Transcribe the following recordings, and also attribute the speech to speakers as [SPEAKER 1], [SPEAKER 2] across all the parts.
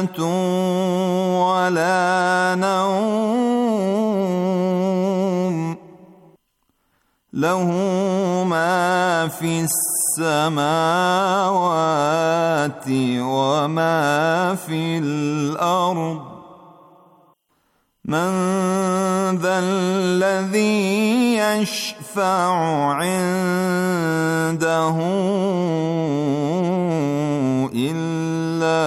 [SPEAKER 1] ولا نوم له ما في السماوات وما في الأرض من ذا الذي يشفع عنده إلا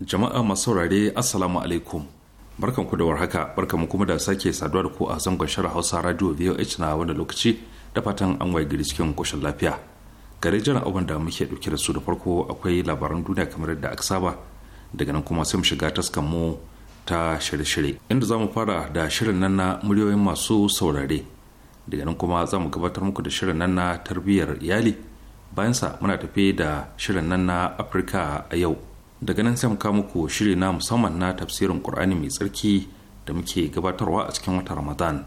[SPEAKER 2] jama'a masu saurare assalamu alaikum barkan ku da warhaka barkan mu kuma da sake saduwa da ku a zangon shara hausa radio voh na wani lokaci da fatan an waye gari cikin koshin lafiya gare jiran abin da muke dauke da su da farko akwai labaran duniya kamar yadda aka saba daga nan kuma sai mu shiga taskan mu ta shirye-shirye inda za mu fara da shirin nan na muryoyin masu saurare daga nan kuma za mu gabatar muku da shirin nan na tarbiyyar iyali bayan sa muna tafe da shirin nan na afirka a yau daga nan sai mu kawo muku shiri na musamman na tafsirin qur'ani mai tsarki da muke gabatarwa a cikin watan ramadan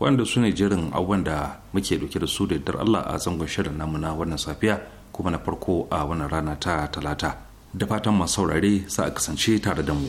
[SPEAKER 2] wanda su ne jerin abubuwan da muke dauke da su da yardar allah a zangon shirin namu na wannan safiya kuma na farko a wannan rana ta talata da fatan masu saurare sa a kasance tare da mu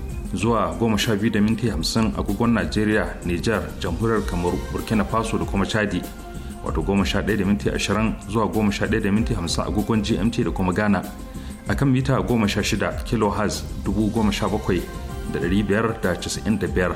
[SPEAKER 2] zuwa 12 da minti 50 a agogon Najeriya, Nijar, Jamhuriyar Kamaru, Burkina Faso da kuma Chadi. Wato 11 da minti 20 zuwa 11 da minti 50 agogon GMT da kuma Ghana. A kan mita 16 kHz 17,595.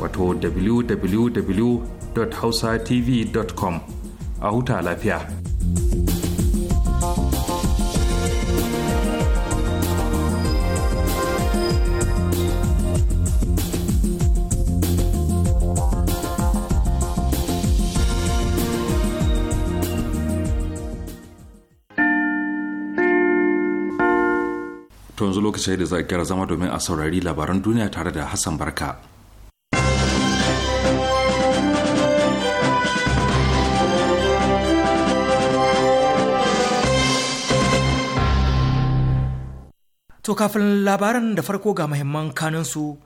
[SPEAKER 2] wato www.hausatv.com a huta lafiya. To yanzu da za a kira zama domin a saurari labaran duniya tare da Hassan Barka.
[SPEAKER 3] To kafin labaran da farko ga muhimman kanansu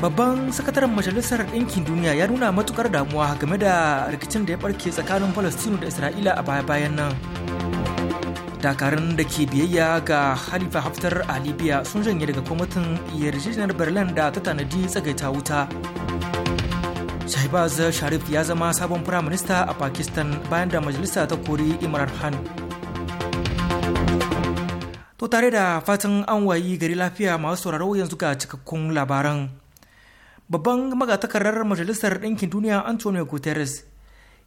[SPEAKER 3] Babban sakataren Majalisar Ɗinkin Duniya ya nuna matukar damuwa game da rikicin da ya barke tsakanin Falastinu da Isra'ila a baya-bayan nan. Dakarun da ke biyayya ga Halifa Haftar a Libya sun janye daga kwamitin yarjejeniyar Berlin da ta tanadi tsagaita wuta. shahbaz sharif ya zama sabon firaminista a pakistan bayan da majalisa ta kori imran khan to tare da fatan an wayi gari lafiya masu sauraro yanzu ga cikakkun labaran babban magatakarar majalisar ɗinkin duniya antonio guterres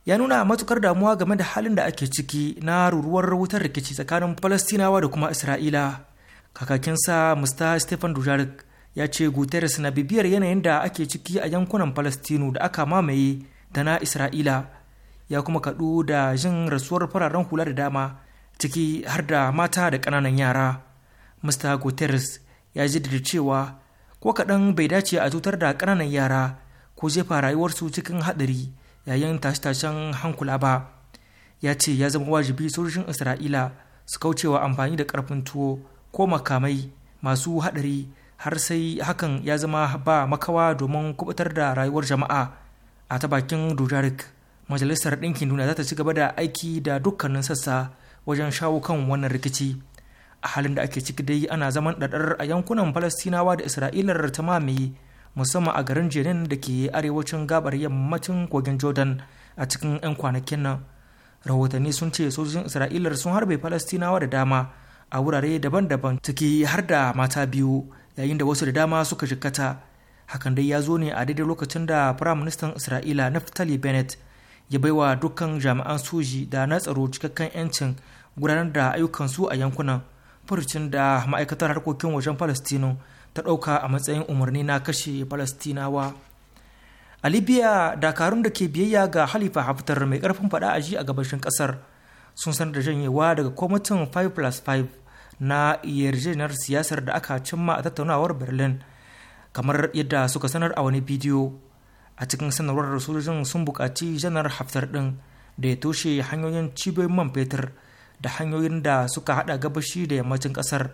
[SPEAKER 3] ya nuna matukar damuwa game da halin da ake ciki na ruruwar wutar rikici tsakanin falastinawa da kuma isra'ila kakakinsa mr stephen dujarric ya ce guterres na bibiyar yanayin da ake ciki a yankunan palestinu da aka mamaye da na isra'ila ya kuma kaɗu da jin rasuwar fararen hula da dama ciki har da mata da ƙananan yara mr guterres ya da cewa ko kaɗan bai dace a cutar da ƙananan yara ko jefa rayuwarsu cikin haɗari yayin tashe-tashen hankula ba ya ce ya zama wajibi sojojin isra'ila su kaucewa amfani da ƙarfin tuwo ko makamai masu haɗari har sai hakan ya zama ba makawa domin kubutar da rayuwar jama'a a ta bakin dujarik majalisar ɗinkin duniya za ta ci gaba da aiki da dukkanin sassa wajen shawo kan wannan rikici a halin da ake ciki dai ana zaman ɗaɗar a yankunan falastinawa da isra'ilar ta mamaye musamman a garin jenin da ke arewacin gabar yammacin kogin jordan a cikin 'yan kwanakin nan rahotanni sun ce sojojin isra'ilar sun harbe falastinawa da dama a wurare daban-daban ciki har da mata biyu yayin da wasu da dama suka jikata hakan dai ya zo ne a daidai lokacin da firaministan isra'ila naftali bennett ya baiwa dukkan jami'an soji da na tsaro cikakken 'yancin gudanar da ayyukansu a yankunan furucin da ma'aikatar harkokin wajen palestino ta ɗauka a matsayin umarni na kashe palestinawa a libya dakarun da ke biyayya ga halifa haftar mai karfin faɗa a ji a gabashin ƙasar sun sanar da janyewa daga kwamitin 5 plus 5 na yarjejeniyar siyasar da aka cimma a tattaunawar berlin kamar yadda suka sanar a wani bidiyo a cikin sanarwar sojojin sun buƙaci janar haftar ɗin da ya toshe hanyoyin cibiyoyin man fetur da hanyoyin da suka haɗa gabashi da yammacin ƙasar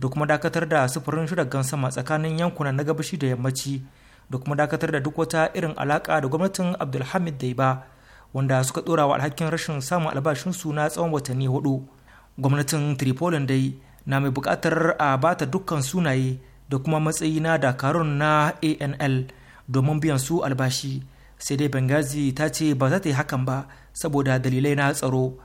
[SPEAKER 3] da kuma dakatar da sufurin shiragan sama tsakanin yankuna na gabashi da yammaci da kuma dakatar da duk wata irin alaka da gwamnatin abdulhamid ba wanda suka dora wa alhakin rashin samun albashinsu na tsawon watanni hudu gwamnatin tripolin dai na mai bukatar a bata dukkan sunaye da kuma matsayi na dakarun na anl domin biyan su albashi sai dai bengazi ta ce ba za ta yi hakan ba saboda dalilai na tsaro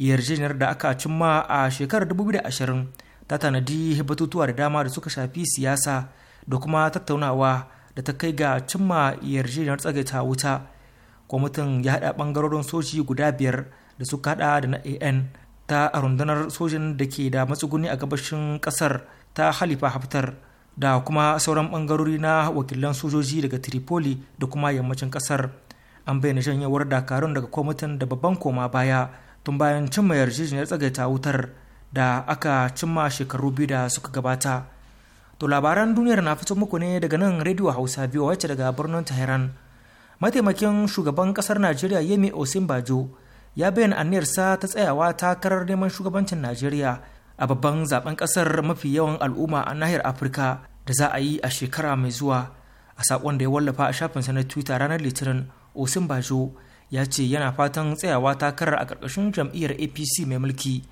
[SPEAKER 3] yarjejeniyar da aka cimma a shekarar 2020 ta tanadi batutuwa da dama da suka shafi siyasa da kuma tattaunawa da ta kai ga cimma yarjejeniyar tsagaita wuta kwamitin ya haɗa ɓangarorin soji guda biyar da suka haɗa da na an ta a rundunar sojan da ke da matsuguni a gabashin kasar ta halifa haftar da kuma sauran bangarori na wakilan sojoji daga tripoli da kuma yammacin kasar an bayyana janyewar dakarun daga kwamitin da babban koma baya tun bayan cimma yarjejeniyar tsagaita wutar da aka cimma shekaru biyu da suka gabata to labaran duniyar na fito muku ne daga nan rediyo hausa biyu wacce daga birnin tehran mataimakin shugaban kasar najeriya yemi osinbajo ya bayyana aniyarsa ta tsayawa takarar neman shugabancin najeriya a babban zaben kasar mafi yawan al'umma a nahiyar afirka da za a yi a shekara mai zuwa a saƙon da ya wallafa a shafin sa na twitter ranar litinin osin bajo ya ce yana fatan tsayawa takarar a ƙarƙashin jam'iyyar apc mai mulki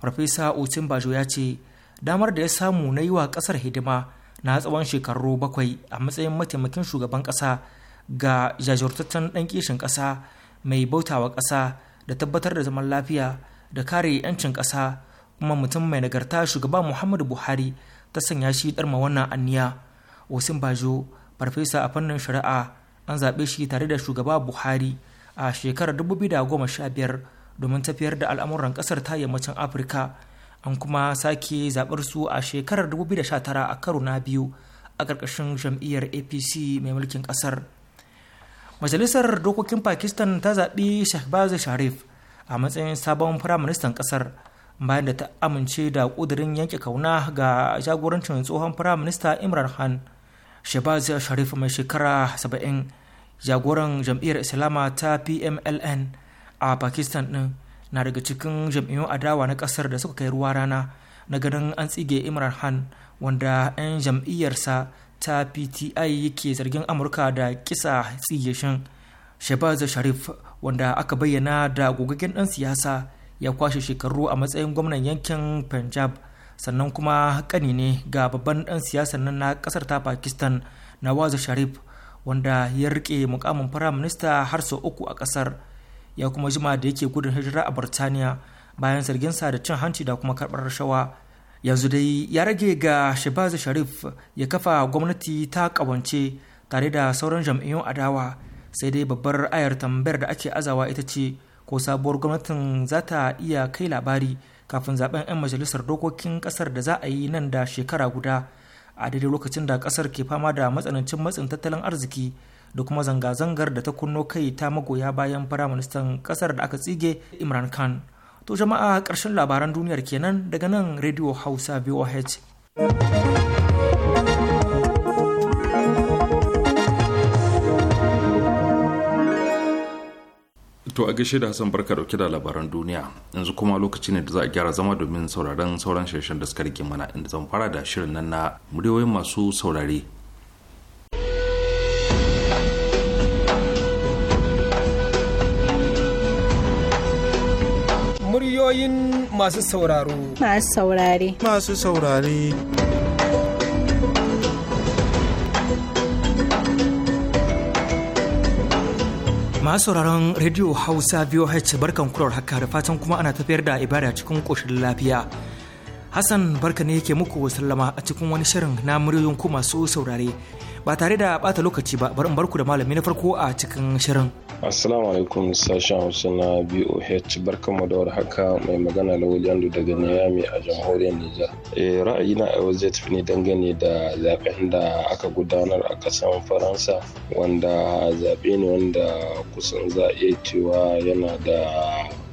[SPEAKER 3] farfesa osin bajo ya ce damar da ya samu na yi wa ƙasar hidima na tsawon shekaru bakwai a matsayin mataimakin shugaban ƙasa ga jajirtaccen ɗan kishin ƙasa mai bautawa ƙasa da tabbatar da zaman lafiya da kare 'yancin ƙasa kuma mutum mai nagarta shugaba muhammadu buhari ta sanya shi darma wannan anniya wasim bajo farfesa a fannin shari'a an zaɓe shi tare da shugaba buhari a shekarar 2015 domin tafiyar da al'amuran ƙasar ta yammacin afirka an kuma sake zaɓar su a shekarar 2019 a karo na biyu a ƙarƙashin jam'iyyar apc mai mulkin ƙasar majalisar dokokin pakistan ta zaɓi shahbaz sharif a matsayin sabon firaministan ƙasar bayan da ta amince da ƙudurin yanke kauna ga jagorancin tsohon firaminista imran khan shahbaz sharif mai shekara 70 jagoran jam'iyyar islama ta pmln a pakistan ɗin na daga cikin jam'iyyun adawa na ƙasar da suka kai ruwa rana na ganin an tsige imran khan wanda 'yan jam'iyyarsa ta pti yake zargin amurka da kisa tsigeshin shabazz sharif wanda aka bayyana da gogaggen dan siyasa ya kwashe shekaru a matsayin gwamnan yankin punjab sannan kuma kani ne ga babban dan siyasar nan na kasar ta pakistan nawaz sharif wanda ya rike mukamin firaminista har sau uku a kasar ya kuma jima da yake gudun hijira a burtaniya bayan zarginsa da cin hanci da kuma karbar rashawa yanzu dai ya rage ga shabaz sharif ya kafa gwamnati ta kawance tare da sauran jam'iyyun adawa sai dai babbar ayar tambayar da ake azawa ita ce ko sabuwar gwamnatin za ta iya kai labari kafin zaben 'yan majalisar dokokin kasar da za a yi nan da shekara guda a daidai lokacin da kasar ke fama da matsanancin matsin tattalin arziki da kuma zanga-zangar da ta kunno kai ta magoya bayan firaministan kasar da aka tsige imran khan to jama'a ƙarshen labaran duniyar kenan daga nan radio hausa voh
[SPEAKER 2] To a gaishe da Hassan barka dauke da labaran duniya yanzu kuma lokaci ne da za a gyara zama domin sauraron sauran shirshen da suka rike mana inda zan fara da shirin nan na muryoyin masu saurare
[SPEAKER 3] ra'ayoyin masu sauraro.
[SPEAKER 1] Masu saurare. Masu saurare.
[SPEAKER 3] masu sauraron rediyo hausa VOH barkan kurar haka da fatan kuma ana tafiyar da ibada cikin ƙoshin lafiya hassan barka ne yake muku sallama a cikin wani shirin na muryoyin ku masu saurare ba tare da bata lokaci ba bari in barku da malami na farko a cikin shirin
[SPEAKER 4] assalamu alaikum sashen hausa na boh barkanmu da warhaka mai magana da waliyandu daga niyami a jamhuriyar nijar eh, ra'ayi na a zai tafi ne dangane da zaben da aka gudanar a ƙasar faransa wanda zaɓe ne wanda kusan za a iya cewa yana da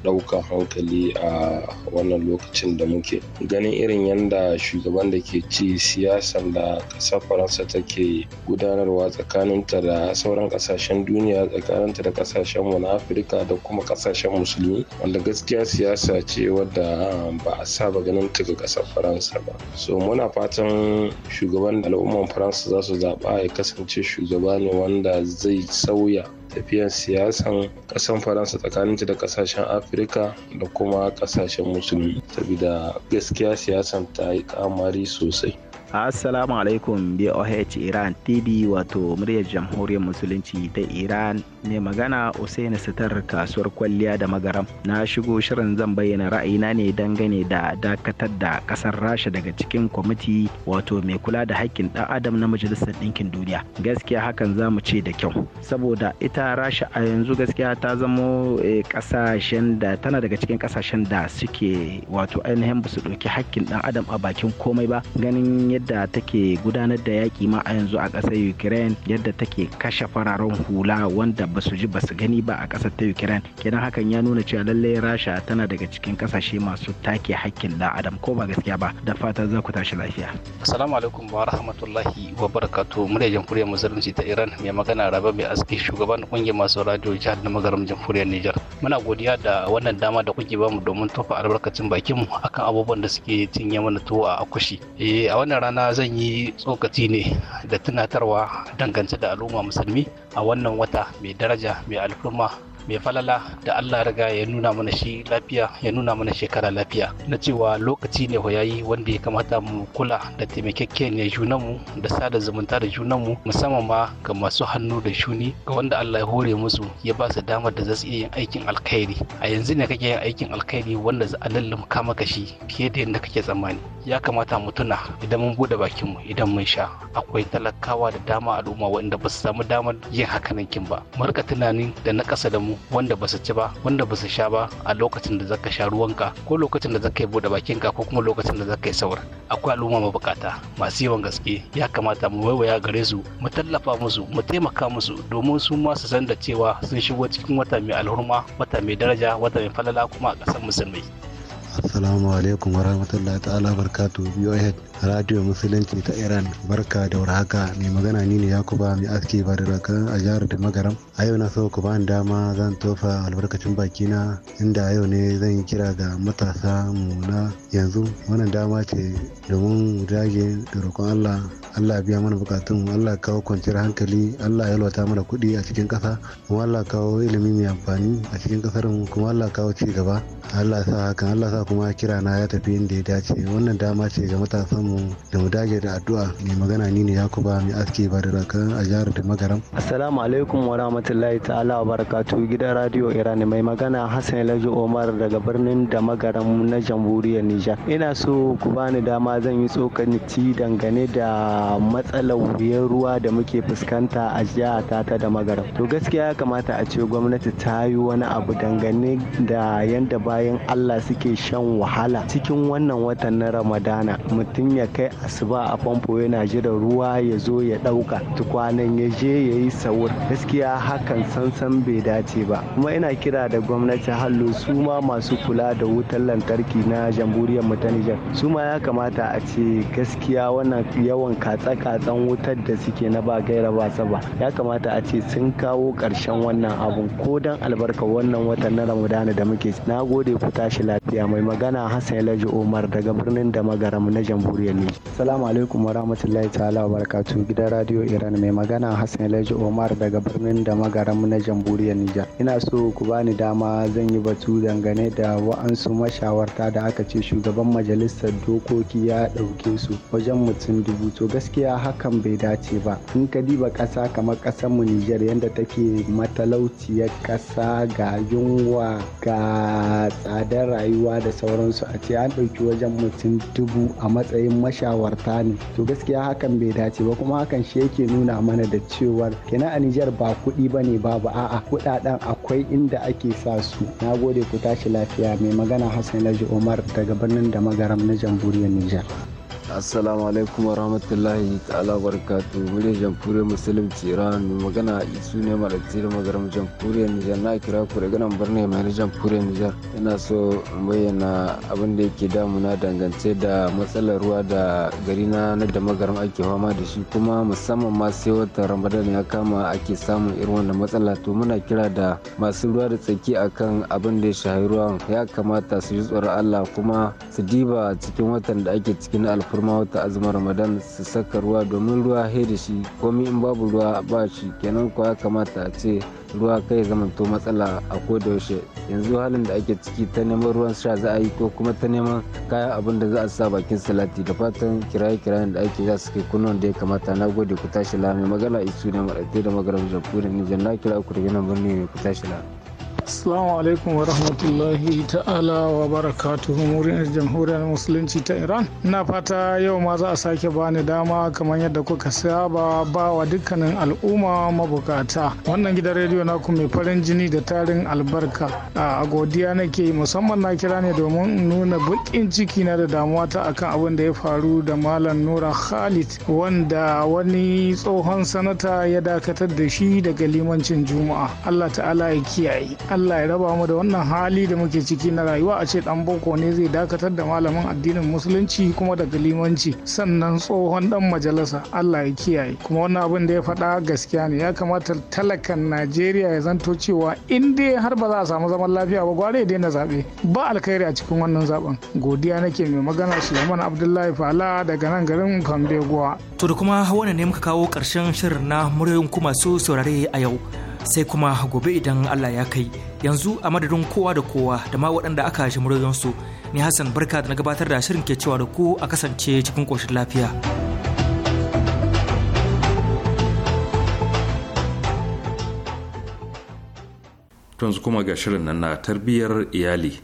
[SPEAKER 4] ɗaukan hankali a wannan lokacin da muke ganin irin yadda shugaban da ke ci siyasar da ƙasar faransa take gudanarwa tsakaninta da sauran ƙasashen duniya tsakaninta da ƙasashen na afirka da kuma ƙasashen musulmi wanda gaskiya siyasa ce wadda ah, ba a saba ganin ta ga ƙasar faransa ba so muna fatan shugaban al'umman faransa za su zaɓa ya kasance shugaba ne wanda zai sauya tafiyar siyasan ƙasan faransa tsakanin ta da ƙasashen afirka da kuma ƙasashen musulmi saboda gaskiya siyasan ta yi kamari sosai Assalamu alaikum BOH Iran TV wato muryar
[SPEAKER 5] jamhuriyar musulunci ta Iran Mai magana Usain Sitar kasuwar kwalliya da magaram. Na shigo shirin zan bayyana ra'ayina ne dangane da dakatar da kasar Rasha daga cikin kwamiti wato mai kula da haƙƙin ɗan adam na majalisar ɗinkin duniya. Gaskiya hakan za mu ce da kyau. Saboda ita Rasha a yanzu gaskiya ta zamo eh, ƙasashen da tana daga cikin ƙasashen da suke wato ainihin ba su ɗauki haƙƙin ɗan adam a bakin komai ba ganin yadda take gudanar da yaƙi ma a yanzu a ƙasar ukraine yadda take kashe fararen hula wanda ba su ji ba su gani ba a ƙasar ta ukraine kenan hakan ya nuna cewa lallai rasha tana daga cikin ƙasashe masu take hakkin da adam ko ba gaskiya ba da fatan za ku tashi lafiya
[SPEAKER 6] assalamu alaikum wa rahmatullahi wa barakatuh da jamhuriyar musulunci ta iran mai magana rabe mai aski shugaban kungiyar masu radio jihar da magaram jamhuriyar niger muna godiya da wannan dama da kuke bamu domin tofa albarkacin bakinmu akan abubuwan da suke cinye mana tuwo a akushi eh, a wannan Rana zan yi tsokaci ne da tunatarwa dangance da al'umma musulmi a wannan wata mai daraja mai alfurma mai falala da Allah riga ya nuna mana shi lafiya ya nuna mana shekara lafiya na cewa lokaci ne yayi wanda ya kamata mu kula da junan mu da sada zumunta da junan mu musamman ma ga masu hannu da shuni ga wanda Allah ya hore musu ya ba su damar da za su iya yin aikin alkhairi a yanzu ne kake yin aikin alkhairi wanda za a lallumka maka shi fiye da yadda kake tsammani ya kamata mu tuna idan mun bude mu idan mun sha akwai talakawa da dama al'umma wanda ba su samu damar yin hakanan kin ba mu rika tunanin da na ƙasa da mu wanda ba su ci ba wanda ba su sha ba a lokacin da zaka sha ruwanka ko lokacin da zaka yi bakin ka ko kuma lokacin da zaka yi saur akwai al'umma ma mabukata masu yawan gaske ya kamata mu waiwaya gare su mu tallafa musu mu taimaka musu domin su ma su san da cewa sun shigo cikin wata mai alhurma wata mai daraja wata mai falala kuma a ƙasar musulmi.
[SPEAKER 5] assalamu alaikum warahmatullahi rahmatullahi ta'ala barkatu ahead radio musulunci ta iran barka da warhaka mai magana ni ne yakuba mai aski ba da raka a jihar da magaram a yau na so ku bani dama zan tofa albarkacin baki na inda yau ne zan yi kira ga matasa mu na yanzu wannan dama ce domin mu dage da roƙon allah allah biya mana bukatun allah kawo kwanciyar hankali allah ya lota mana kuɗi a cikin ƙasa kuma allah kawo ilimi mai amfani a cikin ƙasar mu kuma allah kawo ci gaba allah sa hakan allah sa kuma kira na ya tafi inda ya dace wannan dama ce ga matasa. mu da mu dage da addu'a mai magana ni ne yakuba mai aski ba da raka a jihar da magaram assalamu alaikum wa rahmatullahi ta'ala wa barakatuh gidan radio iran mai magana hassan laji omar daga birnin da magaram na jamhuriyar nijar ina so ku bani dama zan yi tsokanci dangane da matsalar wuyan ruwa da muke fuskanta a jihata ta da magaram to gaskiya ya kamata a ce gwamnati ta yi wani abu dangane da yanda bayan allah suke shan wahala cikin wannan watan na ramadana mutum ya kai asuba a famfo yana jiran ruwa ya zo ya ɗauka tukwanan ya je ya yi sawur gaskiya hakan sansan bai dace ba kuma ina kira da gwamnati hallo su ma masu kula da wutar lantarki na jamhuriyar mu ta Nijar su ma ya kamata a ce gaskiya wannan yawan katsa-katsan wutar da suke na ba gaira ba saba ya kamata a ce sun kawo karshen wannan abu. ko dan albarka wannan watan na Ramadana da muke na gode ku tashi lafiya mai magana Hassan lajo Umar daga birnin da magaram na jamhuriyar jamhuriyar Salamu alaikum wa rahmatullahi ta'ala wa barakatuhu gidan Radio Iran mai magana Hassan alhaji Omar daga birnin da magaram na jamhuriyar Nijar. Ina so ku bani dama zan yi batu dangane da wa'ansu mashawarta da aka ce shugaban majalisar dokoki ya ɗauke su wajen mutum dubu to gaskiya hakan bai dace ba. In ka diba ƙasa kamar ƙasar mu Nijar yadda take matalauciyar ƙasa ga yunwa ga tsadar rayuwa da sauransu a ce an ɗauki wajen mutum dubu a matsayin mashawarta ne to gaskiya hakan bai dace ba kuma hakan shi yake nuna mana da cewar kenan a Nijar ba kuɗi ba ne babu a'a kuɗaɗen akwai inda ake sa su na gode ku tashi lafiya mai magana Hassan Laji Omar daga birnin da magaram na jamhuriyar Nijar.
[SPEAKER 4] assalamu alaikum wa rahmatullahi ta'ala barakatu muryar jamhuriyar musulunci iran magana isu ne malatsi da magaram jamhuriyar nijar na kira ku daga nan birnin mai jamhuriyar nijar yana so in bayyana abin da yake damuna dangance da matsalar ruwa da gari na da magaram ake fama da shi kuma musamman ma sai watan ramadan ya kama ake samun irin wannan matsala to muna kira da masu ruwa da tsaki akan abin da ya shahi ruwan ya kamata su ji tsoron allah kuma su diba cikin watan da ake cikin alfa kurma wata azumin ramadan su saka ruwa domin ruwa he da shi komi in babu ruwa ba shi kenan kuwa kamata a ce ruwa kai zamanto matsala a koda yaushe yanzu halin da ake ciki ta neman ruwan sha za a yi ko kuma ta neman kayan abin da za a sa bakin salati da fatan kiraye-kirayen da ake za su kai kunnon da ya kamata na gode ku tashi lami magana isu ne maɗaɗe da magaram da nijar na kira ku daga nan birni ne ku tashi lami.
[SPEAKER 7] Assalamu alaikum wa rahmatullahi ta'ala wa barakatuhu muryar jamhuriyar musulunci ta Iran. Ina fata yau ma za a sake bani dama kamar yadda kuka saba ba wa dukkanin al'umma mabukata. Wannan gidan rediyo na mai farin jini da tarin albarka. A godiya nake musamman na kira ne domin in nuna baƙin ciki na da damuwa ta akan abin da ya faru da Malam Nura Khalid wanda wani tsohon sanata ya dakatar da shi daga limancin Juma'a. Allah ta'ala ya kiyaye. Allah ya raba mu da wannan hali da muke ciki na rayuwa a ce dan boko ne zai dakatar da malamin addinin musulunci kuma da limanci sannan tsohon dan majalisa Allah ya kiyaye kuma wannan abin da ya faɗa gaskiya ne ya kamata talakan Najeriya ya zanto cewa in dai har ba za a samu zaman lafiya ba gware ya daina zabe ba alkhairi a cikin wannan zaben godiya nake mai magana Suleiman Abdullahi Fala daga nan garin Fambeguwa.
[SPEAKER 3] To da kuma wannan ne muka kawo ƙarshen shirin na muryoyin kuma su saurare a yau sai kuma gobe idan Allah ya kai yanzu a madadin kowa da kowa da ma waɗanda aka shi muryoyinsu ni hassan barka da na gabatar da shirin ke cewa da ku a kasance cikin ƙoshin lafiya
[SPEAKER 2] yanzu kuma ga shirin nan na tarbiyyar iyali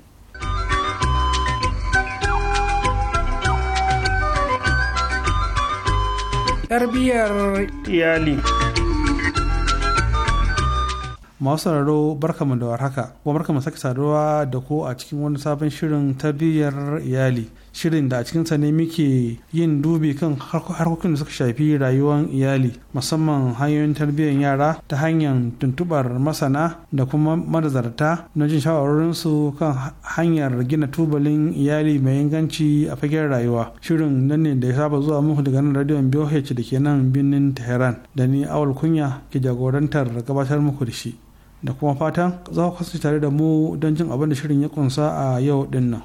[SPEAKER 2] tarbiyyar iyali
[SPEAKER 8] masu barka barkamu da warhaka kuma barkamu sake saduwa da ku a cikin wani sabon shirin tarbiyyar iyali shirin da a cikin sa ne muke yin dubi kan harkokin da suka shafi rayuwar iyali musamman hanyoyin tarbiyyar yara ta hanyar tuntubar masana da kuma madazarta na jin shawarorinsu kan hanyar gina tubalin iyali mai inganci a fagen rayuwa shirin nan ne da ya saba zuwa muku daga nan radiyon BOH da ke nan birnin Tehran da ni awal kunya ke jagorantar gabatar muku da shi. da kuma fatan za ku kasance tare da mu don jin abin da shirin ya kunsa a yau din nan.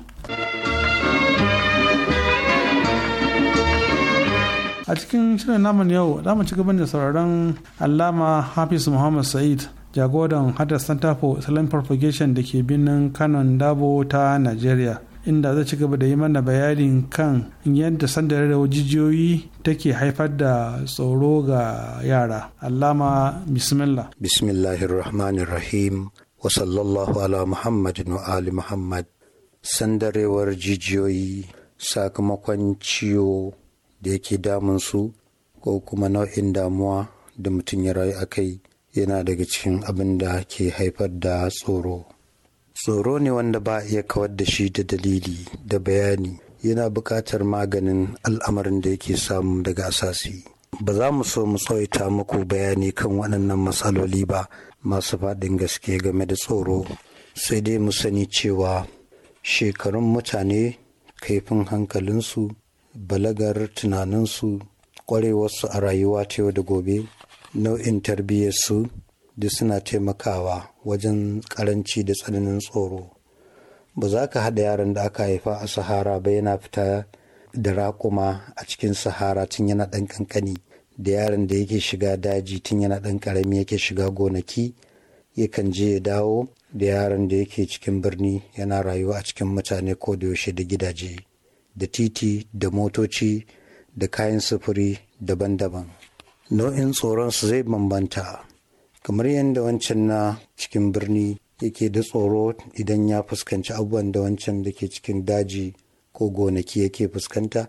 [SPEAKER 8] a cikin shirin namun yau za mu ci gaba da sauraron allama hafiz muhammad sa'id jagoran hadar santa for propagation da ke birnin kanon dabo ta nigeria inda zai ci gaba da yi mana bayanin kan yadda sandar da jijiyoyi take haifar da tsoro ga yara allama
[SPEAKER 9] bismillah bismillahirrahmanirrahim wa sallallahu ala muhammad wa ali muhammad sandarewar jijiyoyi sakamakon ciwo da yake damun su ko kuma nau'in damuwa da mutum ya rayu a kai yana daga cikin abin da ke haifar da tsoro tsoro ne wanda ba iya kawar da shi da dalili da bayani yana buƙatar maganin al'amarin da yake samu daga asasi ba za mu so mu tsawaita muku bayani kan waɗannan matsaloli ba masu faɗin gaske game da tsoro sai dai mu sani cewa shekarun mutane kaifin hankalinsu balagar tunaninsu ƙwarewarsu a rayuwa ta yau da gobe nau'in tarbiyyarsu duk suna taimakawa wajen karanci da tsananin tsoro ba za ka haɗa yaran da aka haifa a sahara ba yana fita da raƙuma a cikin sahara tun yana ɗan ƙanƙani da yaran da yake shiga daji tun yana ɗan ƙarami yake shiga gonaki yakan je ya dawo da yaran da yake cikin birni yana rayuwa a cikin mutane ko da yaushe da gidaje da titi da motoci da kayan sufuri daban-daban nau'in tsoron su zai bambanta kamar yadda wancan na cikin birni yake da tsoro idan ya fuskanci abubuwan da wancan da ke cikin daji ko gonaki yake fuskanta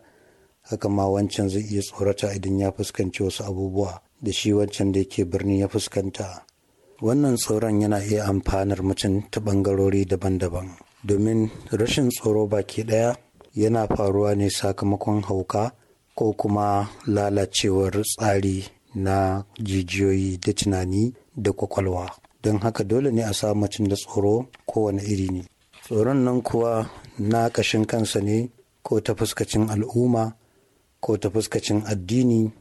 [SPEAKER 9] haka ma wancan zai iya tsorata idan ya fuskanci wasu abubuwa da shi wancan da yake birni ya fuskanta wannan tsoron yana iya amfanar mutum ta bangarori daban-daban domin rashin tsoro baki ɗaya yana faruwa ne sakamakon hauka ko kuma lalacewar tsari na jijiyoyi da tunani da kwakwalwa don haka dole ne a sa mutum da tsoro kowane iri ne tsoron nan kuwa na ƙashin kansa ne ko ta fuskacin al'umma ko ta fuskacin addini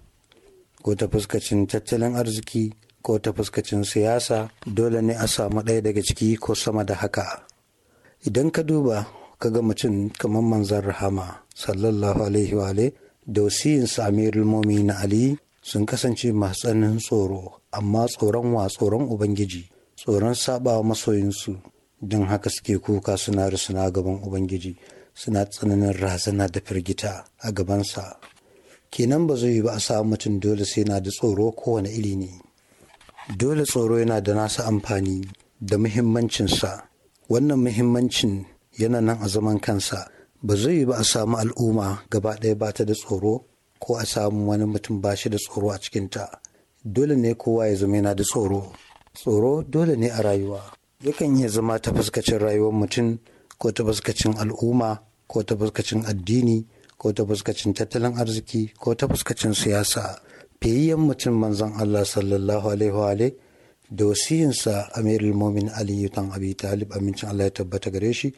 [SPEAKER 9] ko ta fuskacin tattalin arziki ko ta fuskacin siyasa dole ne a samu ɗaya daga ciki ko sama da haka idan ka duba ka kaga mutum kamar manzan rahama sallallahu alaihi wa da wasiyinsa amirul na ali sun kasance masu tsananin tsoro amma tsoron wa tsoron ubangiji tsoron sabawa masoyinsu don haka suke kuka suna rusuna gaban ubangiji suna tsananin razana da firgita a gabansa kenan ba zai yi ba a samu mutum dole sai na da tsoro kowane iri ne dole tsoro yana da nasa amfani da muhimmancinsa wannan muhimmancin yana nan a zaman kansa ba zai yi ba a samu al'umma gaba ɗaya ba ta da tsoro ko a samu wani mutum ba shi da tsoro a cikinta dole ne kowa ya zama yana da tsoro tsoro dole ne a rayuwa yakan iya zama ta fuskacin rayuwar mutum ko ta fuskacin al'umma ko ta fuskacin addini ko ta fuskacin tattalin arziki ko ta fuskacin siyasa fiyayyen mutum manzon Allah sallallahu alaihi wa da wasiyinsa amirul mumin aliyu tan abi talib amincin Allah ya tabbata gare shi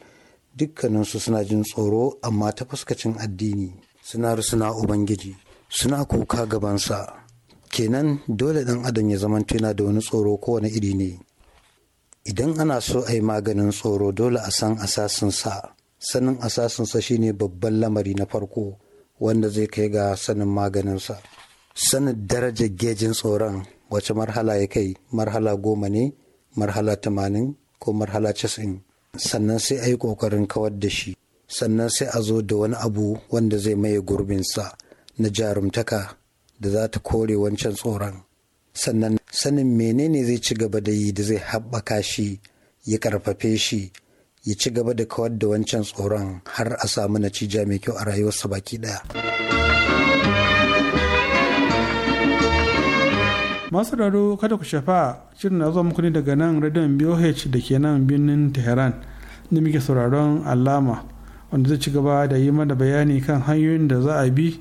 [SPEAKER 9] dukkaninsu suna jin tsoro amma ta fuskacin addini suna rusuna ubangiji suna kuka gabansa kenan dole ɗan adam ya zama yana da wani tsoro kowane iri ne idan ana so a yi maganin tsoro dole a san asasinsa sanin asasinsa shine babban lamari na farko wanda zai kai ga sanin maganinsa sanin darajar gejin tsoron wace marhala ya kai marhala goma ne marhala tamanin ko marhala casa'in sannan sai a yi ƙoƙarin kawar da shi sannan sai a zo da wani abu wanda zai maye gurbinsa na jarumtaka da za ta kore wancan tsoron sannan sanin menene zai ci gaba da yi da zai haɓaka shi ya karfafe shi ya ci gaba da kawar da wancan tsoron har a samu natija mai kyau a rayuwarsa baki ɗaya. masu raro kada ku
[SPEAKER 8] shafa shirin na zuwa muku ne daga nan radion boh da ke nan birnin tehran da muke sauraron alama wanda zai ci gaba da yi mana bayani kan hanyoyin da za a bi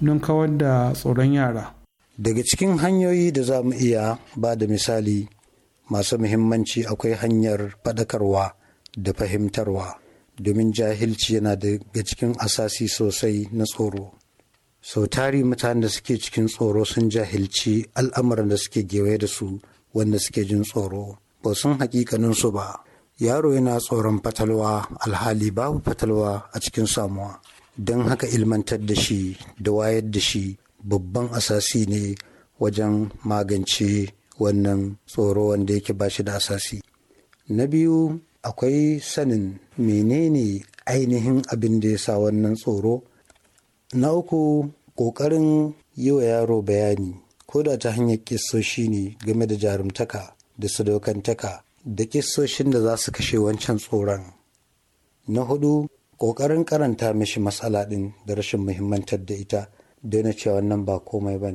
[SPEAKER 8] don kawar da tsoron yara.
[SPEAKER 9] Daga cikin hanyoyi da za mu iya ba da misali masu muhimmanci akwai hanyar faɗakarwa da fahimtarwa domin jahilci yana daga cikin asasi sosai na tsoro. Sau tari mutanen da suke cikin tsoro sun jahilci al'amuran da suke gewaye da su wanda suke jin tsoro ba sun haƙiƙanin su ba. yaro yana tsoron fatalwa alhali babu fatalwa a cikin samuwa don haka ilmantar da shi da wayar da shi babban asasi ne wajen magance wannan tsoro wanda yake ba shi da asasi na biyu akwai sanin menene ainihin abin da ya sa wannan tsoro na uku ƙoƙarin yi wa yaro bayani ko da ta hanyar kisso ne game da jarumtaka da sadaukantaka da kisoshin da za su kashe wancan tsoron. Na hudu, ƙoƙarin karanta mishi matsala ɗin da rashin muhimmantar da ita, daina cewa wannan ba komai ba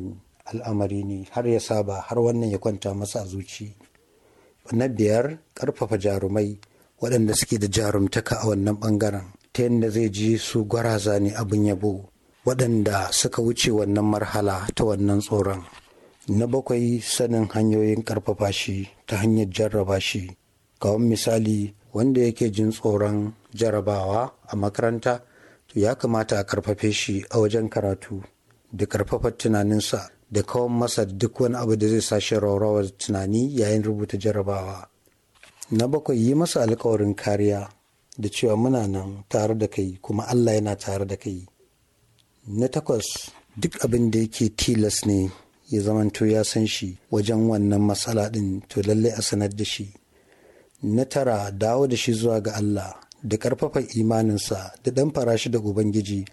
[SPEAKER 9] al'amari ne har ya saba har wannan ya kwanta masa a zuci. Na biyar, ƙarfafa jarumai waɗanda suke da jarumtaka a wannan ɓangaren, ta yadda zai ji su gwaraza ne abin yabo waɗanda suka wuce wannan marhala ta wannan tsoron. na bakwai sanin hanyoyin karfafa shi ta hanyar jarraba shi kawon misali wanda yake jin tsoron jarabawa a makaranta to ya kamata a karfafe shi a wajen karatu da karfafa tunaninsa da kawon masa duk wani abu da zai sashi rawar tunani yayin rubuta jarabawa na bakwai yi masa alkawarin kariya da cewa muna nan tare da kai kuma allah yana tare da kai na takwas duk abin da yake tilas ne ya zamanto ya san shi wajen wannan matsala ɗin to lallai a sanar da shi na tara dawo da shi zuwa ga Allah da ƙarfafa imaninsa da ɗan farashi da Ubangiji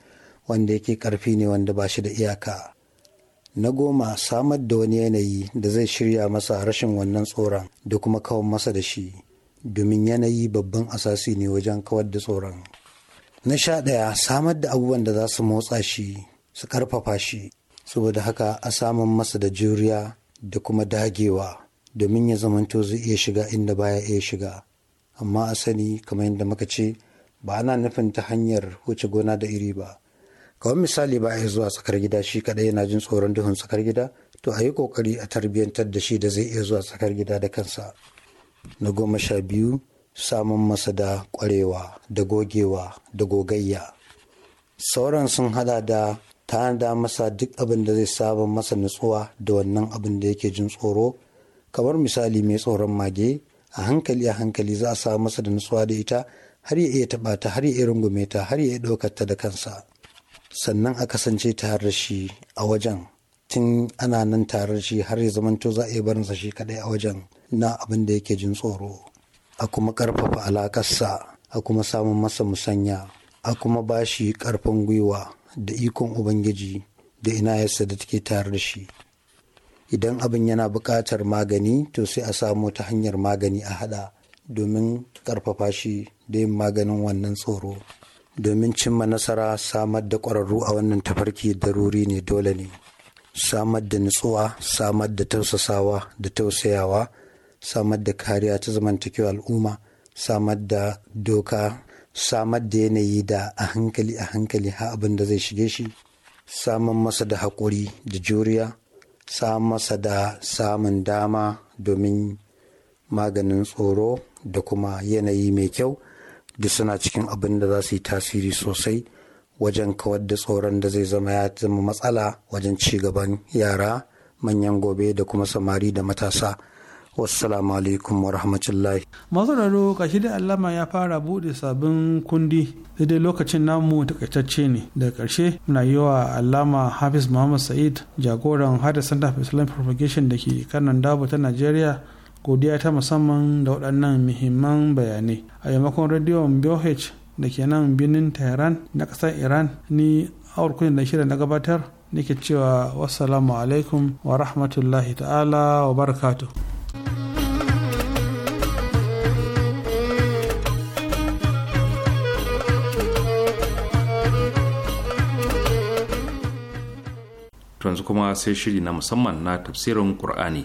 [SPEAKER 9] wanda yake ƙarfi ne wanda ba shi da iyaka. Na goma samar da wani yanayi da zai shirya masa rashin wannan tsoron da kuma kawar masa da shi domin yanayi babban asasi ne wajen kawar da tsoron. Na sha ɗaya samar da abubuwan da za su motsa shi su ƙarfafa shi saboda haka a samun masa da juriya da kuma dagewa domin ya zamanto zai iya shiga inda baya iya shiga amma a sani kamar yadda muka ce ba ana nufin ta hanyar wuce gona da iri ba kawai misali ba a zuwa tsakar gida shi kadai yana jin tsoron duhun tsakar gida to a yi kokari a tarbiyyantar da shi da zai iya zuwa tsakar gida da kansa na goma sha biyu samun masa da kwarewa da gogewa da gogayya sauran sun hada da tanada masa duk abin da zai saba masa nutsuwa da wannan abin da yake jin tsoro kamar misali mai tsoron mage a hankali a hankali za a samu masa da nutsuwa da ita har ya iya taɓa ta har ya iya rungume ta har ya iya ɗaukar ta da kansa sannan a kasance tare da shi a wajen tun ana nan tare da shi har ya zamanto za a iya barinsa shi kaɗai a wajen na abin da yake jin tsoro a kuma ƙarfafa alaƙarsa a kuma samun masa musanya a kuma ba shi ƙarfin gwiwa da ikon ubangiji da ina yasa da take tare da shi idan abin yana buƙatar magani to sai a samu ta hanyar magani a haɗa domin ƙarfafa shi da yin maganin wannan tsoro domin cimma nasara samar da ƙwararru a wannan tafarki daruri ne dole ne samar da nutsuwa samar da tausasawa da tausayawa samar da kariya ta zamantakewa al'umma samar da doka samar da yanayi da a hankali a hankali ha abin da zai shige shi samun masa da haƙuri da juriya samun masa da samun dama domin maganin tsoro da kuma yanayi mai kyau da suna cikin abin da za su yi tasiri sosai wajen kawar da tsoron da zai zama ya zama matsala wajen ci gaban yara manyan gobe da kuma samari da matasa. wassalamu alaikum wa rahmatullahi
[SPEAKER 8] masu raro kashi da allama ya fara bude sabbin kundi daidai lokacin namu takaitacce ne daga karshe muna yi wa allama hafiz muhammad sa'id jagoran hada center for islamic propagation da ke kanan dabo ta nigeria godiya ta musamman da waɗannan muhimman bayanai a yamakon rediyon boh da ke nan birnin tehran na ƙasar iran ni awar kudin da shirin na gabatar nake cewa wassalamu alaikum wa rahmatullahi ta'ala wa barakatuh
[SPEAKER 2] to yanzu kuma sai shiri na musamman na tafsirin Kur'ani.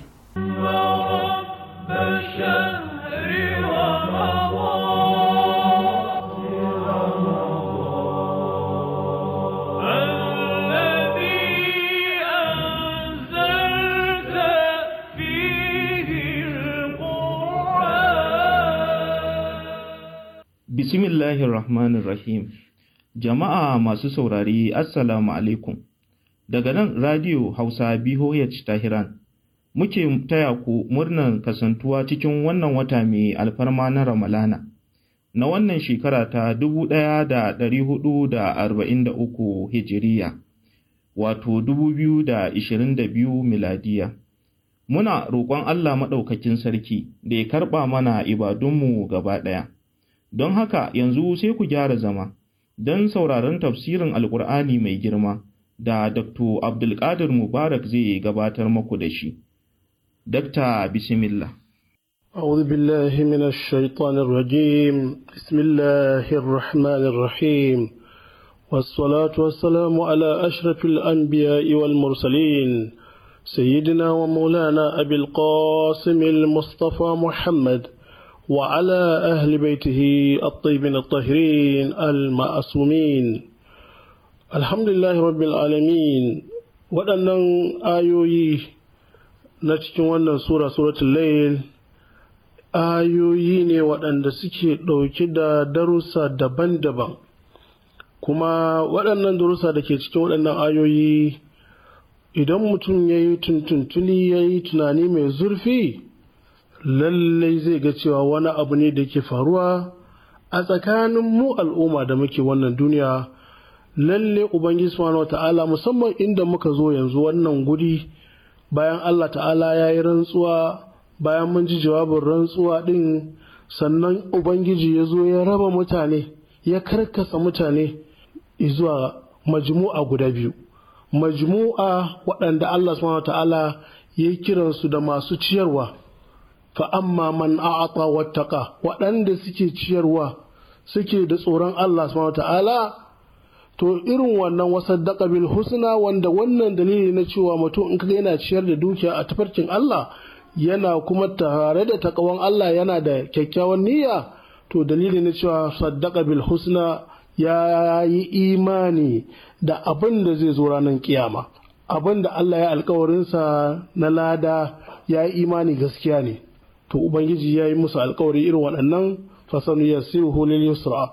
[SPEAKER 10] Bismillahirrahmanirrahim. Jama'a masu saurari, Assalamu alaikum. daga nan radio hausa BOH Tahiran. Muke taya ku murnar kasantuwa cikin wannan wata mai alfarma na Ramalana, na wannan shekara ta 1443 Hijiriya, wato 2022 Miladiya. Muna roƙon Allah Maɗaukakin Sarki da ya karɓa mana ibadunmu gaba ɗaya. Don haka yanzu sai ku gyara zama, don sauraron tafsirin Alƙur'ani mai girma. da Dr. Abdulkadir Mubarak zai gabatar muku da shi. Dakta Bismillah.
[SPEAKER 11] أعوذ بالله من الشيطان الرجيم بسم الله الرحمن الرحيم والصلاة والسلام على أشرف الأنبياء والمرسلين سيدنا ومولانا أبي القاسم المصطفى محمد وعلى أهل بيته الطيبين الطاهرين المعصومين alhamdulillahi rabbil alamin waɗannan ayoyi na cikin wannan sura suratul layl ayoyi ne waɗanda suke ɗauki da darussa daban-daban kuma waɗannan darussa da ke cikin waɗannan ayoyi idan mutum ya yi tuntuntuni ya yi tunani mai zurfi lallai zai ga cewa wani abu ne da ke faruwa a tsakanin mu al'umma da muke wannan duniya lalle ubangiji subhanahu ta’ala musamman inda muka zo yanzu wannan guri bayan Allah ta'ala ya yi rantsuwa bayan mun ji jawabin rantsuwa din sannan ubangiji ya zo ya raba mutane ya karkasa mutane zuwa majmu'a guda biyu majmu'a waɗanda Allah subhanahu ta’ala ya yi kiransu da masu ciyarwa fa amma man a'ata wattaqa waɗanda suke ciyarwa suke da tsoron Allah subhanahu ta’ala to irin wannan wasan dakabil husna wanda wannan dalili na cewa mutum in kaga yana ciyar da dukiya a tafarkin Allah yana kuma tare da takawan Allah yana da kyakkyawan niyya to dalili na cewa saddaka bil husna ya yi imani da abin da zai zo ranar kiyama abin da Allah ya alkawarinsa na lada ya yi imani gaskiya ne to ubangiji ya yi musu alkawari irin waɗannan fasanu yasiru lil yusra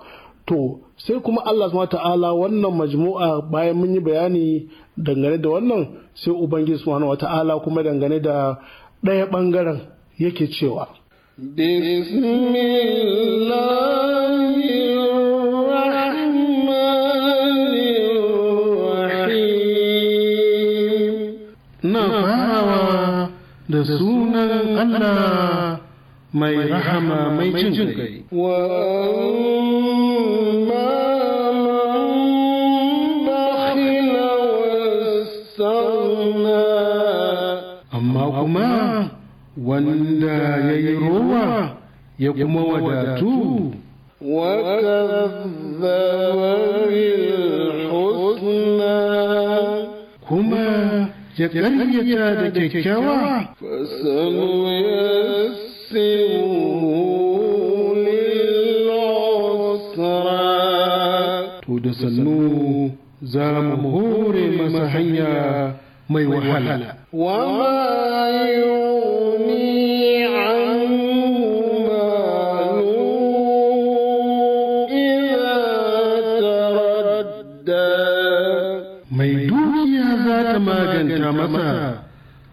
[SPEAKER 11] to sai kuma Allah subhanahu ta'ala wannan majmu'a bayan mun yi bayani dangane da wannan sai ubangiji subhanahu ta'ala kuma dangane da ɗaya ɓangaren yake cewa Na farawa da sunan Allah mai rahama mai jin kai. amma wanda ya yi ruwa ya kuma wadatu kuma ya karyata da kyakkyawa to da sannu za mu hore masa hanya mai wahala mai
[SPEAKER 12] dukiya za ta maganta masa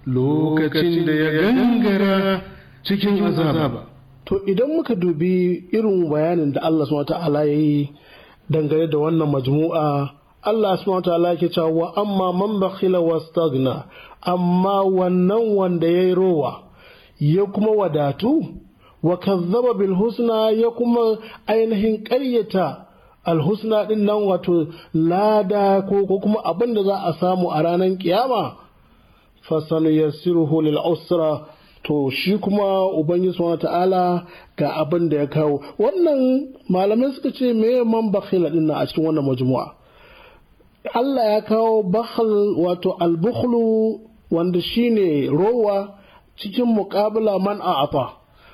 [SPEAKER 11] lokacin da ya gangara
[SPEAKER 12] cikin azaba.
[SPEAKER 11] To idan muka dubi irin bayanin da Allah subhanahu ta'ala ya yi dangane da wannan majmu'a Allah subhanahu ta'ala ke cewa amma man bakhila wastagna amma wannan wanda yayi rowa ya kuma wadatu wa kazzaba bil husna ya kuma ainihin ƙaryata alhusna din nan wato lada ko kuma abin da za a samu a ranar kiyama fasanu yassiruhu lil usra to shi kuma ubangiji subhanahu ta'ala ga abin da ya kawo wannan malamai suka ce me man bakhila din nan a cikin wannan majmu'a Allah ya kawo bakhl wato albukhlu wanda shine rowa cikin muƙabala man a'ata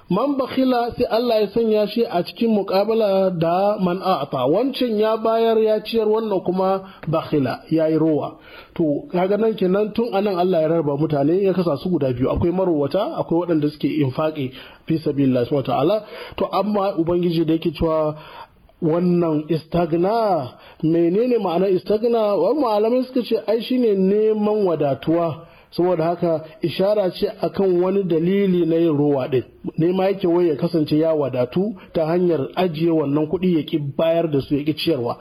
[SPEAKER 11] man bakhila sai Allah ya sanya shi a cikin muƙabala da man a'ata wancan ya bayar ya ciyar wannan kuma bakhila ya yi rowa to kaga nan kenan tun anan Allah ya rarraba mutane ya kasa su guda biyu akwai marowata akwai waɗanda suke infaqi fi sabilillah subhanahu ta'ala to amma ubangiji da yake cewa wannan istagna menene ma'anar istagna wani malamai suka ce ai shine neman wadatuwa saboda haka ishara ce akan wani dalili na yin ruwa ɗin nema yake wai ya kasance ya wadatu ta hanyar ajiye wannan kuɗi ya ki bayar da su ya ki ciyarwa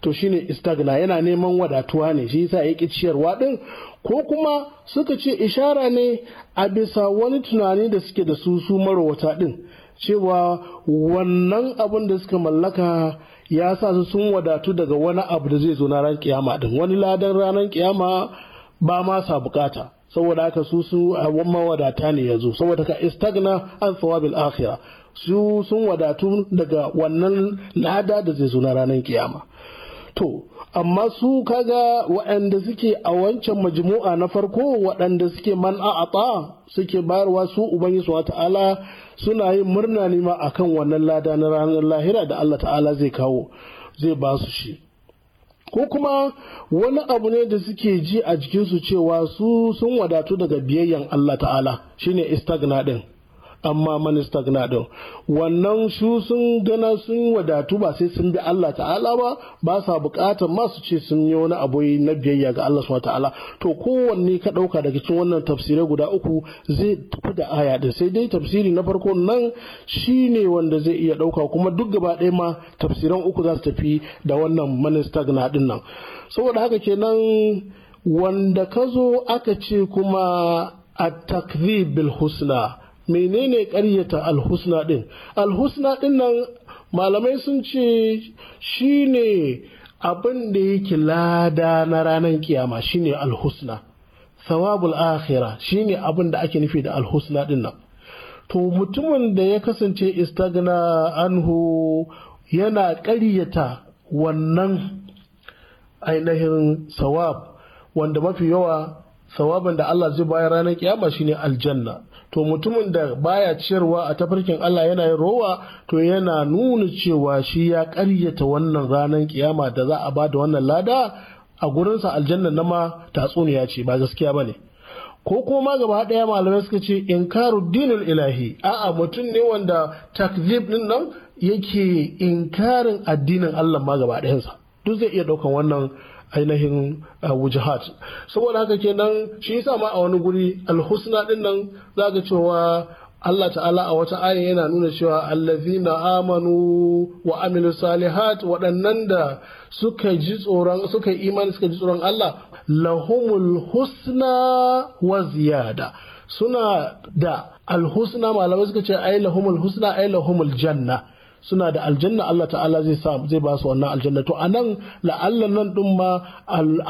[SPEAKER 11] to shine istagna yana neman wadatuwa ne shi yasa ya ki ciyarwa ɗin ko kuma suka ce ishara ne a bisa wani tunani da suke da su su marowata ɗin cewa wannan abin da suka mallaka ya sa su sun wadatu daga wani abu da zai zo na ran kiyama din wani ladan ranar kiyama ba ma sa bukata saboda haka su su mawadata ne yazo saboda ka istagna an thawabil akhirah su sun wadatu daga wannan lada da zai zo na ranar kiyama to amma su kaga waɗanda suke a wancan majmu'a na farko waɗanda suke man a'ata suke bayarwa su ubangiji wa ta'ala suna yin murna nima a kan wannan lada na ranar lahira da Allah ta'ala zai kawo zai ba su shi ko kuma wani abu ne da suke ji a jikinsu cewa su sun wadatu daga biyayyan Allah ta'ala shine istagna din amma manistak na ɗin wannan su sun gana sun wadatu ba sai sun bi Allah ta'ala ba ba sa bukatar masu ce sun yi wani abu na biyayya ga Allah subhanahu ta'ala to kowanne ka ɗauka daga cikin wannan tafsirai guda uku zai tafi da aya ɗin sai dai tafsiri na farko nan shi ne wanda zai iya ɗauka kuma duk gaba ɗaya ma tafsiran uku za su tafi da wannan manistak na din nan saboda haka kenan wanda ka zo aka ce kuma a takdhib bil husna menene ƙaryata alhusna ɗin alhusna ɗin nan malamai sun ce shi ne abin da yake lada na ranar kiyama shine alhusna sawabul akhira ne abin da ake nufi da alhusna ɗin nan to mutumin da ya kasance istagna anhu yana ƙaryata wannan ainihin sawab wanda mafi yawa sawabin da Allah zai bayar ranar kiyama shine aljanna to mutumin da baya ciyarwa a tafarkin Allah yana yin rowa to yana nuna cewa shi ya ƙaryata wannan ranar kiyama da za a ba da wannan lada a gurinsa aljanna na ma tatsuniya ce ba gaskiya ba ne ko kuma gaba ɗaya malamai suka ce inkaru dinul ilahi a'a mutum ne wanda takzib din nan yake inkarin addinin Allah ma gaba ɗayansa duk zai iya ɗaukan wannan ainihin uh, wujahat saboda haka kenan shi yasa ma a wani guri alhusna din nan zaka cewa Allah ta'ala a wata aya yana nuna cewa allazina amanu wa amilu salihat waɗannan da suka ji tsoron suka yi imani suka ji tsoron Allah lahumul husna wa ziyada suna da alhusna malamai suka ce ai lahumul husna ai lahumul janna suna da aljanna Allah ta'ala zai sa zai ba su wannan aljanna to anan la'allan nan din ma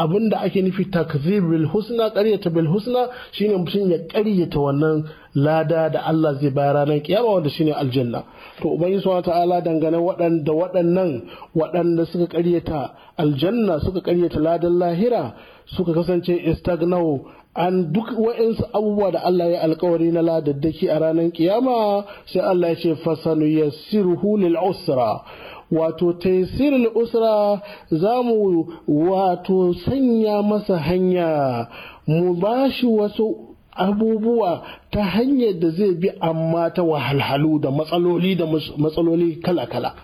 [SPEAKER 11] abin da ake nufi takzibil husna qaryata bil husna shine mutum ya qaryata wannan lada da Allah zai bayar ranar kiyama wanda shine aljanna to ubangiji subhanahu ta'ala dangane waɗanda waɗannan waɗanda suka karyata aljanna suka karyata ladan lahira suka kasance istagnau an duk wa'insu abubuwa da Allah ya alkawari na ladaddaki a ranar kiyama sai Allah ya ce fasanu yassiruhu lil usra wato taisirul usra za mu wato sanya masa hanya mu ba shi wasu abubuwa ta hanyar da zai bi amma ta wahalhalu da matsaloli da matsaloli kala-kala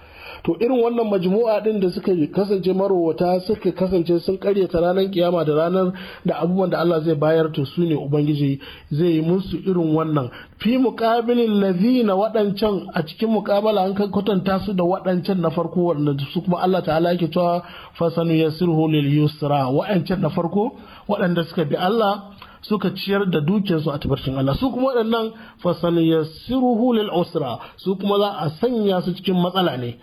[SPEAKER 11] to irin wannan majmu'a din da suka kasance marowata suka kasance sun ta ranar kiyama da ranar da abubuwan da Allah zai bayar to su ne ubangiji zai yi musu irin wannan fi muqabilin lazina waɗancan a cikin muqabala an kwatanta su da waɗancan na farko wanda su kuma Allah ta'ala yake cewa fasanu yasirhu lil yusra waɗancan na farko waɗanda suka bi Allah suka ciyar da dukiyarsu a tabarcin Allah su kuma waɗannan fasaliya siruhu lil usra su kuma za a sanya su cikin matsala ne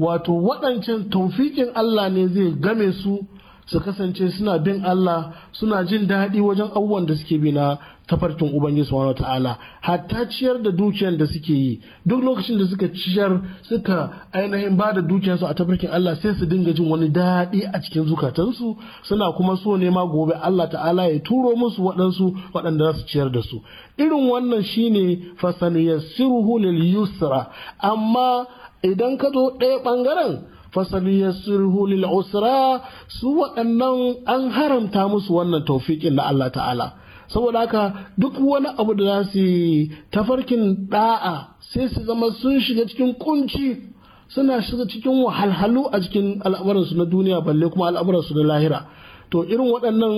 [SPEAKER 11] wato waɗancan taufikin Allah ne zai game su su kasance suna bin Allah suna jin daɗi wajen abubuwan da suke bi na tafarkin Ubangiji subhanahu ta'ala hatta ciyar da dukiyar da suke yi duk lokacin da suka ciyar suka ainihin ba da dukiyarsu a tafarkin Allah sai su dinga jin wani daɗi a cikin zukatansu suna kuma so ne gobe Allah ta'ala ya turo musu waɗansu waɗanda za su ciyar da su irin wannan shine fasani sirhu lil yusra amma idan ka zo ɗaya ɓangaren fasali ya lil usra su waɗannan an haramta musu wannan taufiƙin na Allah ta'ala saboda haka duk wani abu da za su yi tafarkin ɗa'a, sai su zama sun shiga cikin kunci suna shiga cikin wahalhalu a cikin al'amuransu na duniya balle kuma al'amuransu na lahira to irin waɗannan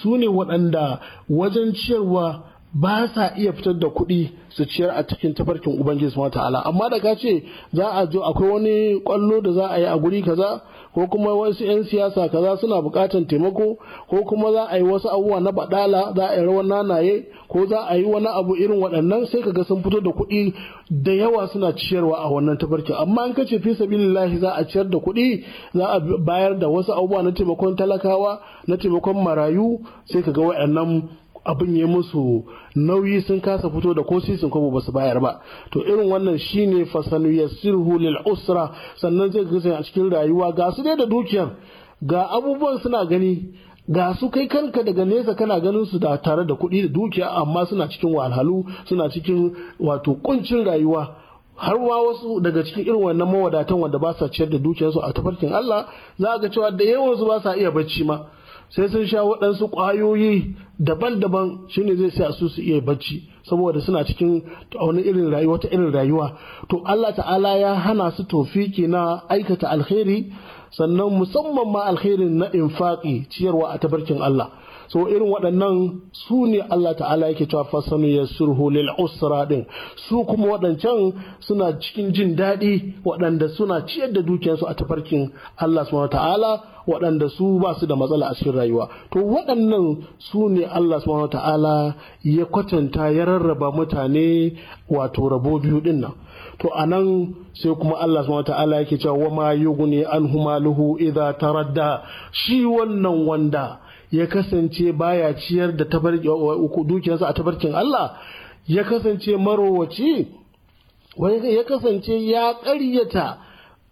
[SPEAKER 11] su ne waɗanda wajen ciyarwa ba sa iya fitar da kuɗi su ciyar a cikin tafarkin ubangiji su ta'ala amma da ka ce za a zo akwai wani kwallo da za a yi a guri kaza ko kuma wasu 'yan siyasa kaza suna buƙatar taimako ko kuma za a yi wasu abubuwa na baɗala za a yi rawan nanaye ko za a yi wani abu irin waɗannan sai ka ga sun fito da kuɗi da yawa suna ciyarwa a wannan tafarkin amma in ka ce fi sabilillahi za a ciyar da kuɗi za a bayar da wasu abubuwa na taimakon talakawa na taimakon marayu sai ka ga waɗannan abin ya musu nauyi sun kasa fito da ko sisin kuma ba su bayar ba to irin wannan shine fasanu yasirhu lil usra sannan zai kasance a cikin rayuwa ga su dai da dukiyar ga abubuwan suna gani ga su kai kanka daga nesa kana ganin su da tare da kuɗi da dukiya amma suna cikin wahalhalu suna cikin wato kuncin rayuwa har ma wasu daga cikin irin wannan mawadatan wanda ba sa ciyar da dukiyarsu a tafarkin Allah za ga cewa da yawan su ba sa iya bacci ma sai sun sha waɗansu ƙwayoyi daban-daban shine zai sa su su iya bacci saboda suna cikin wani irin rayuwa ta irin rayuwa to Allah ta'ala ya hana su tofiki na aikata alkhairi sannan musamman ma alkhairin na infaqi ciyarwa a tabarkin Allah so irin waɗannan su ne Allah ta'ala yake cewa fasanu ya surhu lil usra din su kuma waɗancan suna cikin jin daɗi waɗanda suna ciyar da dukiyarsu a tafarkin Allah subhanahu ta'ala waɗanda su ba su da matsala a cikin rayuwa to waɗannan su ne Allah subhanahu ta'ala ya kwatanta ya rarraba mutane wato rabo biyu din nan to anan sai kuma Allah subhanahu ta'ala yake cewa wama ma yughni anhu maluhu idza taradda shi wannan wanda ya kasance baya ciyar da dukiyarsa a tabarkin Allah ya kasance marowaci ya kasance ya karyata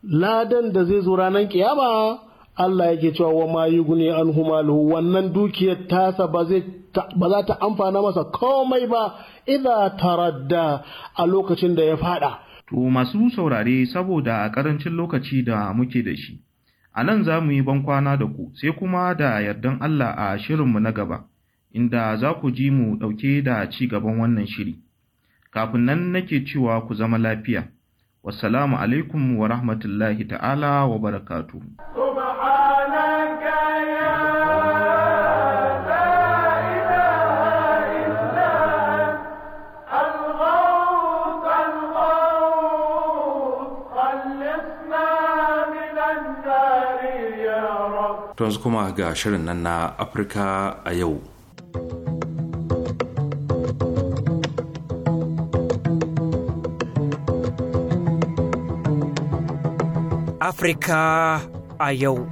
[SPEAKER 11] ladan da zai zo ranar kiyama Allah yake cewa wa ma guni an humalu wannan dukiyar tasa ba za ta amfana masa komai ba idan taradda a lokacin da ya fada.
[SPEAKER 10] To masu saurare saboda a ƙarancin lokaci da muke da shi. A nan za mu yi bankwana da ku, sai kuma da yardan Allah a shirinmu na gaba, inda za ku ji mu ɗauke da ci gaban wannan shiri. Kafin nan nake cewa ku zama lafiya. Wassalamu alaikum wa rahmatullahi ta'ala wa barakatu.
[SPEAKER 2] To yanzu kuma ga shirin nan na Afirka a yau.
[SPEAKER 3] Afirka a yau.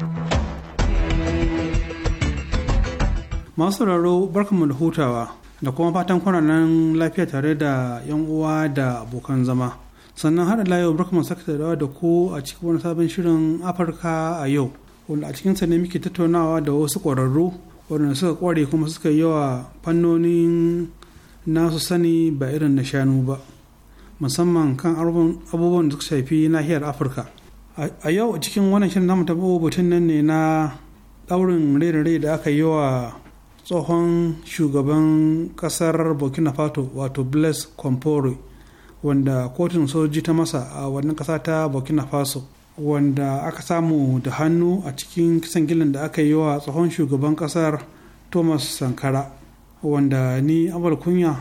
[SPEAKER 8] Masu raro barkanmu da hutawa da kuma fatan nan lafiya tare da 'yan uwa da abokan zama. Sannan haɗa layo barkanmu sakatawa da ku a cikin wani sabon shirin Afirka a yau. wanda a cikinsa ne muke tattaunawa da wasu ƙwararru wadanda suka ƙware kuma suka yi wa fannonin nasu sani ba irin na shanu ba musamman kan abubuwan da suka shafi nahiyar afirka a yau cikin wannan shirin namu taɓa batun nan ne na ɗaurin rai da aka yi wa tsohon shugaban ƙasar burkina faso wato blaise compaore wanda kotun soji ta masa a wannan ƙasa ta burkina faso wanda aka samu da hannu a cikin kisan gilin da aka yi wa tsohon shugaban kasar thomas sankara wanda ni abar kunya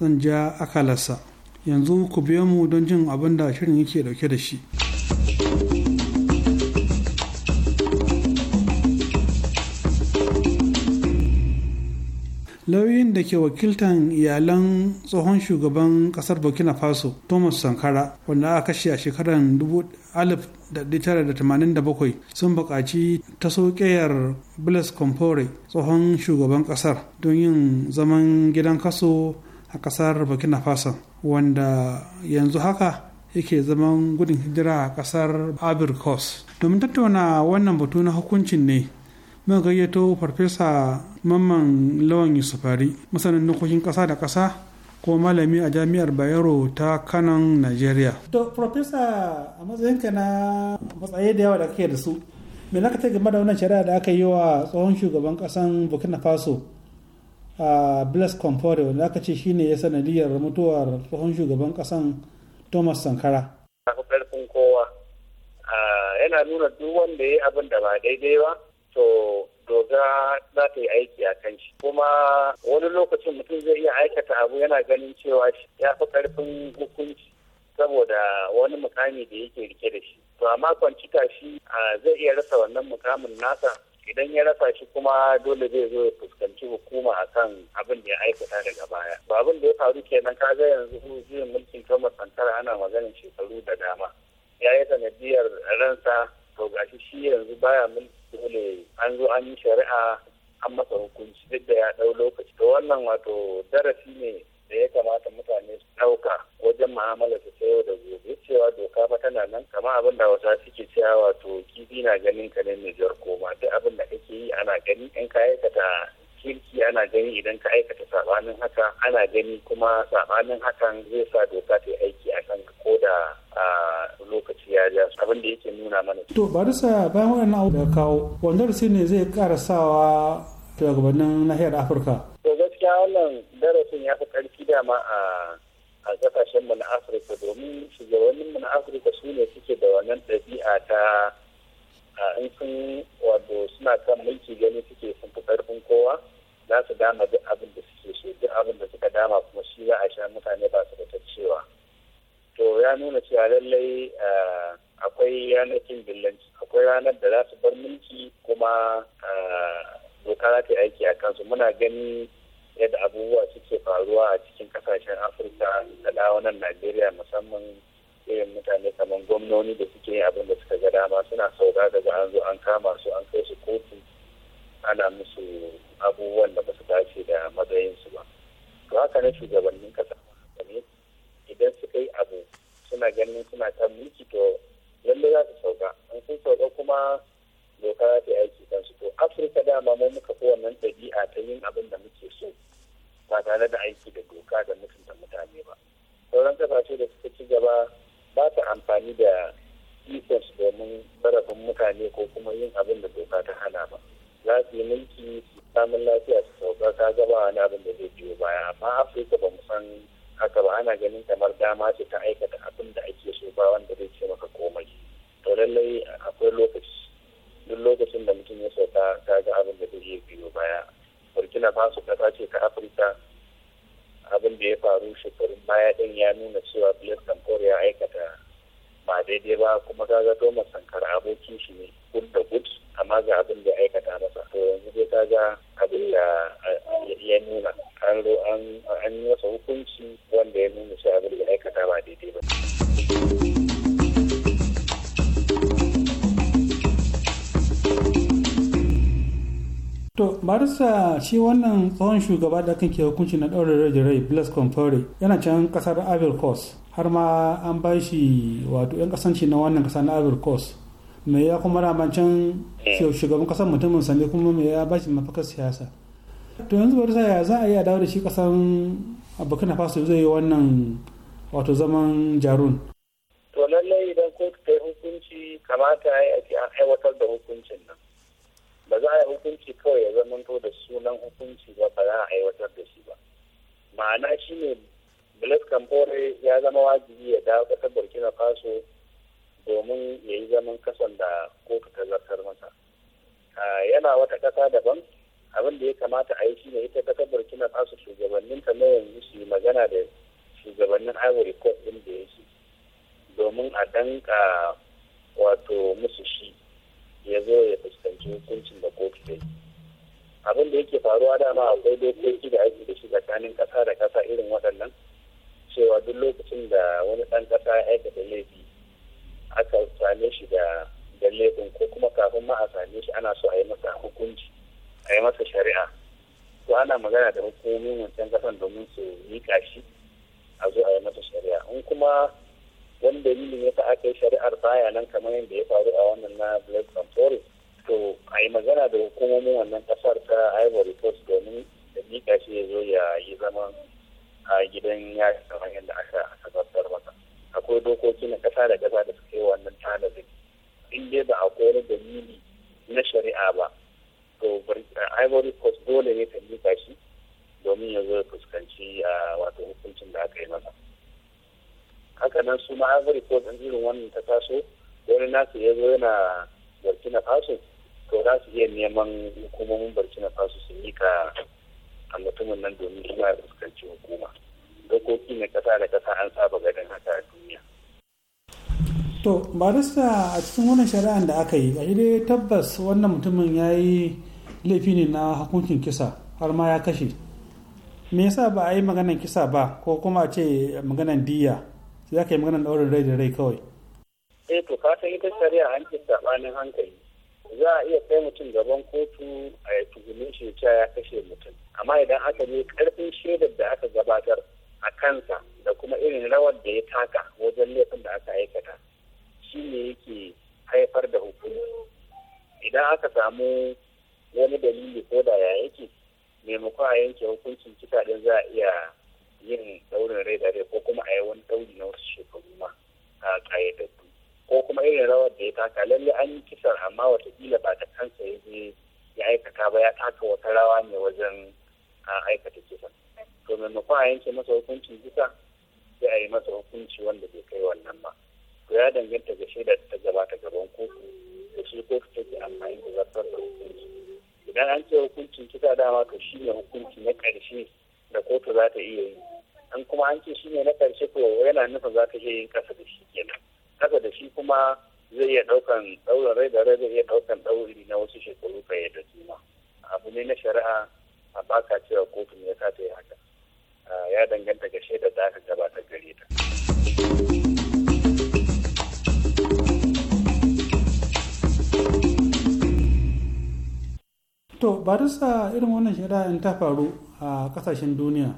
[SPEAKER 8] zan ja akalarsa yanzu ku biyo mu don jin abin da shirin yake dauke da shi. lauyin da ke wakiltan iyalan tsohon shugaban kasar burkina faso thomas sankara wanda aka kashe a shekarar 1987 sun buƙaci ta sokeyar blaise compaore tsohon shugaban kasar don yin zaman gidan kaso a kasar burkina faso wanda yanzu haka yake zaman gudun hijira a kasar abirkos domin tattauna wannan batu na hukuncin ne muka gayyato farfesa mamman lawan yusufari masanin nukokin ƙasa da ƙasa ko malami a jami'ar bayero ta kanan nigeria to farfesa a matsayinka na matsayi da yawa da kake da su me na ta game da wannan shari'a da aka yi wa tsohon shugaban ƙasan burkina faso a bless compaore wanda aka ce shine ya sanadiyar mutuwar tsohon shugaban kasan thomas sankara
[SPEAKER 13] kowa yana nuna duk wanda ya abin da ba daidai ba to doga za ta yi aiki a kan shi kuma wani lokacin mutum zai iya aikata abu yana ganin cewa ya fi karfin hukunci saboda wani mukami da yake rike da shi to amma kwancika shi zai iya rasa wannan mukamin nasa idan ya rasa shi kuma dole zai zo ya fuskanci hukuma a kan abin da ya aikata daga baya ba abin da ya faru kenan kaga yanzu juyin mulkin kamar sankara ana maganin shekaru da dama ya yi sanadiyar ransa to gashi shi yanzu baya mulki dole an zo an yi shari'a an masa hukunci duk da ya ɗau lokaci to wannan wato darasi ne da ya kamata mutane su ɗauka wajen ma'amala ta sayo da gobe cewa doka ba tana nan kama abin da wasa suke cewa wato kifi na ganin ka ne mai jar koma duk abin da kake yi ana gani in ka aikata kirki ana gani idan ka aikata sabanin haka ana gani kuma sabanin hakan zai sa doka ta yi aiki a kan ko da lokaci ya ja abin da yake nuna mana.
[SPEAKER 8] To sa bayan abu da kawo wanda sai ne zai karasawa shugabannin nahiyar Afirka.
[SPEAKER 13] To gaskiya wannan darasin ya fi ƙarfi dama a a kasashen mu Afirka domin shugabannin mu na Afirka su ne suke da wannan ɗabi'a ta in sun wato suna kan mulki gani suke sun fi karfin kowa za su dama duk abin da suke so duk abin da suka dama kuma shi za a sha mutane ba su da cewa to ya nuna cewa lallai akwai ranar kin billanci akwai ranar da za su bar mulki kuma doka za ta yi aiki a kansu muna gani yadda abubuwa suke faruwa a cikin kasashen afirka da dawonan najeriya musamman irin mutane kamar gwamnoni da suke yin abin da suka ga dama suna saura daga an zo an kama su an kai su kotu ana musu abubuwan da basu su dace da su ba to haka na shugabannin kasa ne idan suka yi abu suna ganin suna kan mulki to lallai za su sauka an sun sauka kuma doka za ta yi aiki kansu to afirka dama mu muka fi wannan ɗabi'a ta yin abin da muke so ba tare da aiki da doka da mutunta mutane ba sauran kasashe da suka ci gaba ba ta amfani da ikon domin sarrafin mutane ko kuma yin abin da doka ta hana ba za su yi mulki su samun lafiya su sauka ka gaba wani abin da zai biyo baya amma afirka ba mu san haka ba ana ganin kamar dama ce ta aikata abin da ake so ba wanda zai ce maka komai to lallai akwai lokaci duk lokacin da mutum ya sauka ka ga abin da zai biyo baya burkina faso kasa ce ta afirka abin da ya faru shekarun baya din ya nuna cewa blaise sankor ya aikata ba daidai ba kuma ga toma sankara abokin shi ne gud da gud amma ga abin da aikata masa to yanzu dai ga abin da ya nuna an an yi masa hukunci wanda ya nuna shi abin da aikata ba daidai ba
[SPEAKER 8] To, Barisa shi wannan tsohon shugaba da kan ke hukunci na ɗaure da rai Blaise Compaore yana can ƙasar Ivory Coast har ma an ba shi wato 'yan kasanci na wannan ƙasa na Ivory Coast. Me ya kuma raman can shugaban ƙasar mutumin sane kuma me ya ba shi mafakar siyasa. To yanzu Barisa ya za a yi a dawo da shi ƙasar Burkina Faso zai yi wannan wato zaman jarun.
[SPEAKER 13] To lallai idan kotu ta hukunci kamata ya yi a aiwatar da hukuncin nan. ba za a yi hukunci kawai ya to da sunan hukunci ba ba za a aiwatar da shi ba ma'ana shi ne blaise kamfore ya zama wajibi ya dawo kasar burkina faso domin ya yi zaman kasan da kotu ta zartar masa yana wata kasa daban abin da ya kamata a yi shi ne ita kasar burkina faso shugabanninta na yanzu su magana da shugabannin ivory coast ɗin da ya domin a danka wato musu shi ya zo ya fuskanci hukuncin da kotu ta yi abin da yake faruwa dama akwai dokoki da ake da shi tsakanin ƙasa da kasa irin waɗannan cewa duk lokacin da wani ɗan ƙasa ya aikata laifi aka same shi da da laifin ko kuma kafin ma a same shi ana so a yi masa hukunci a yi masa shari'a to ana magana da hukumomin wancan ƙasan domin su yi shi a zo a yi masa shari'a in kuma wani dalilin ya ta kai shari'ar baya nan kamar yadda ya faru a wannan na and Compaore to a yi magana da hukumomin wannan kasar ta Ivory Coast domin da mika shi ya zo ya yi zaman a gidan yari kamar yadda aka tabbatar masa akwai dokoki na kasa da kasa da suke wannan tanadin in dai ba akwai wani dalili na shari'a ba to Ivory Coast dole ne ta mika shi domin ya zo ya fuskanci wato hukuncin da aka yi masa. haka nan su ma ivory coast in irin wannan ta taso wani nasu ya zo yana burkina faso to za su iya neman hukumomin burkina faso su ka a mutumin nan domin su ma ya fuskanci hukuma dokoki na kasa da kasa an saba ganin haka a duniya
[SPEAKER 8] to barista a cikin wannan shari'an da aka yi a dai tabbas wannan mutumin ya yi laifi ne na hukuncin kisa har ma ya kashe me yasa ba a yi maganan kisa ba ko kuma ce maganan diya sai aka yi maganar ɗaurin rai da rai kawai.
[SPEAKER 13] eh to ka san ita shari'a an saɓanin hankali za a iya kai mutum gaban kotu a ya tuhumin shi ya ya kashe mutum amma idan aka je karfin shaidar da aka gabatar a kansa da kuma irin rawar da ya taka wajen laifin da aka aikata shi ne yake haifar da hukuma idan aka samu wani dalili ko da ya yake maimakon a yanke hukuncin kitaɗin za a iya yin daurin rai da ko kuma a yi wani dauri na wasu shekaru ma a ƙayyadaddu ko kuma irin rawar da ya taka lalle an yi kisar amma watakila ba ta kansa ya je ya aikata ba ya taka wata rawa ne wajen aikata kisan to maimakon a yanke masa hukuncin kisa sai a yi masa hukunci wanda bai kai wannan ba to ya danganta ga shaida ta gabata gaban kotu da shi kotu take amfani da zartar da hukunci idan an ce hukuncin kisa dama to shi ne hukunci na ƙarshe da kotu za ta iya yi an kuma an ce shi ne na karshe ko yana nufin za ta iya yin da shi kenan kasa da shi kuma zai iya ɗaukan ɗaurin rai da rai zai iya daukan ɗauri na wasu shekaru fiye da suna abu ne na shari'a a baka cewa kotu ne ta ta yi haka ya danganta ga shaidar da aka gabatar gare ta.
[SPEAKER 8] To, barista irin wannan shari'a in ta faru a kasashen duniya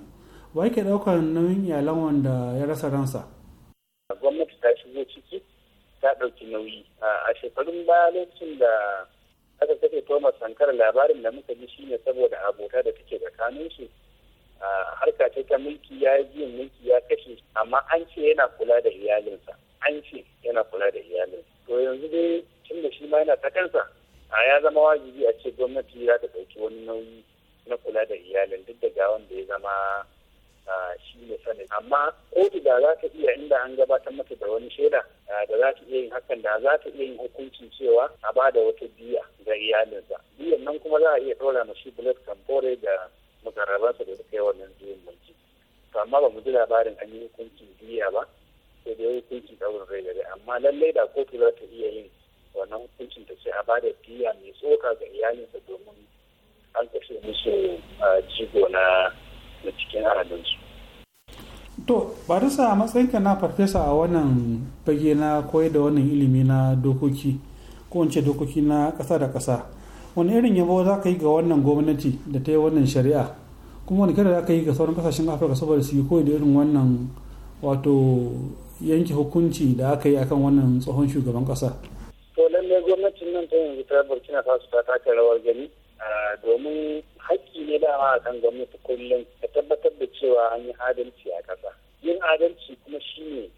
[SPEAKER 8] wa yake ɗaukar nauyin iyalan wanda ya rasa ransa
[SPEAKER 13] gwamnati ta shigo ciki ta ɗauki nauyi a shekarun baya lokacin da aka kashe thomas sankara labarin da muka ji shine saboda abota da take tsakaninsu harka ce ta mulki ya yi mulki ya kashe amma an ce yana kula da iyalinsa an ce yana kula da iyalinsa to yanzu dai tun da shi ma yana ta kansa a ya zama wajibi a ce gwamnati za ta ɗauki wani nauyi na kula da iyalin duk da gawan da ya zama shi ne sani amma kotu da za ta iya inda an gabatar mata da wani shaida da za ta iya yin hakan da za ta iya yin hukuncin cewa a ba da wata biya ga iyalinsa biyan nan kuma za a iya ɗora ma shi bullet kambore da mukarrabansa da suka yi wannan juyin mulki to amma ba mu ji labarin an yi hukuncin biya ba sai dai hukuncin ɗaurin rai da rai amma lallai da kotu za ta iya yin wannan hukuncin ta ce a ba da biya mai tsoka ga iyalinsa domin an kashe musu uh, jigo na cikin haraminsu.
[SPEAKER 8] To, barisa matsayinka na farfesa a wannan bage na koyar da wannan ilimi na dokoki, ko in dokoki na kasa da kasa wani irin yabo za ka yi ga wannan gwamnati da ta yi wannan shari'a, kuma wani kira za ka yi ga sauran ƙasashen Afirka saboda su yi koyi da irin wannan wato yanke hukunci da aka yi akan wannan tsohon shugaban kasa.
[SPEAKER 13] To, lallai gwamnatin nan ta yanzu ta Burkina Faso ta taka rawar gani, domin haƙƙi ne da dama kan gwamnati kullum ta tabbatar da cewa an yi adalci a ƙasa yin adalci kuma shine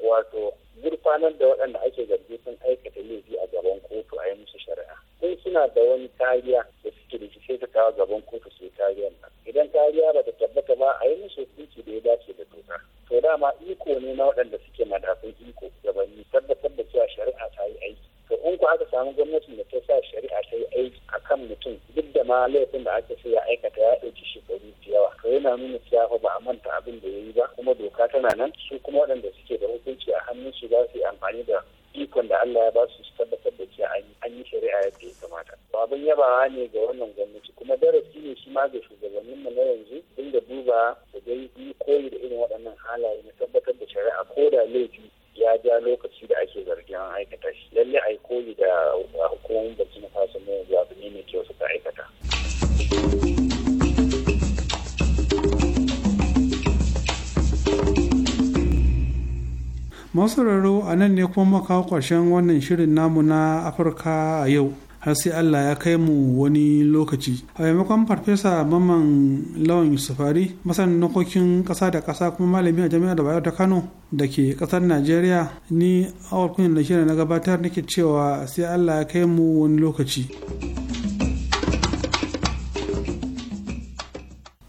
[SPEAKER 13] wato gurfanar da waɗanda ake zargi sun aikata laifi a gaban kotu a yi musu shari'a in suna da wani kariya da suke da sai ta kawo gaban kotu su kariya ba idan kariya ba ta tabbata ba a yi musu hukunci da ya dace da doka to dama iko ne na waɗanda suke madafin iko gabanni tabbatar da cewa shari'a ta yi aiki to in ku aka samu gwamnatin da ta sa shari'a ta yi aiki a kan mutum duk da ma laifin da aka sai ya aikata ya ɗauki shekaru da yawa to yana nuna cewa ba a manta abin da ya yi ba kuma doka tana nan su kuma waɗanda suke da hukunci a hannun su za su yi amfani da ikon da Allah ya ba su su tabbatar da cewa an yi shari'a yadda ya kamata. Abin yabawa ne ga wannan gwamnati kuma darasi ne shi ma ga shugabanninmu na yanzu dinga duba da dai koyi da irin waɗannan halaye na tabbatar da shari'a ko da laifi ya ja lokaci da ake zargin aikata shi lalle a koyi da hukumomin burkina faso ne yanzu abu ne mai kyau suka aikata
[SPEAKER 8] masu raro a nan ne kuma makawa ƙwashen wannan shirin namu na afirka a yau har sai allah ya kai mu wani lokaci a maimakon farfesa mamman lawan yusufari masanin nukokin ƙasa da kasa kuma malami a jami'ar da bayar ta kano da ke ƙasar najeriya ni awar kunyar da shirin na gabatar nake cewa sai allah ya kai mu wani lokaci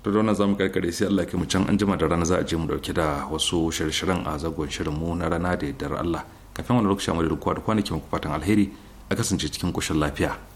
[SPEAKER 2] da dona za mu karkare sai Allah ke mu can an jima da rana za a je mu dauke da wasu shirye-shiryen a zagon shirin mu na rana da yaddar Allah kafin wani lokaci mu da kuwa da kwanaki ku fatan alheri a kasance cikin koshin lafiya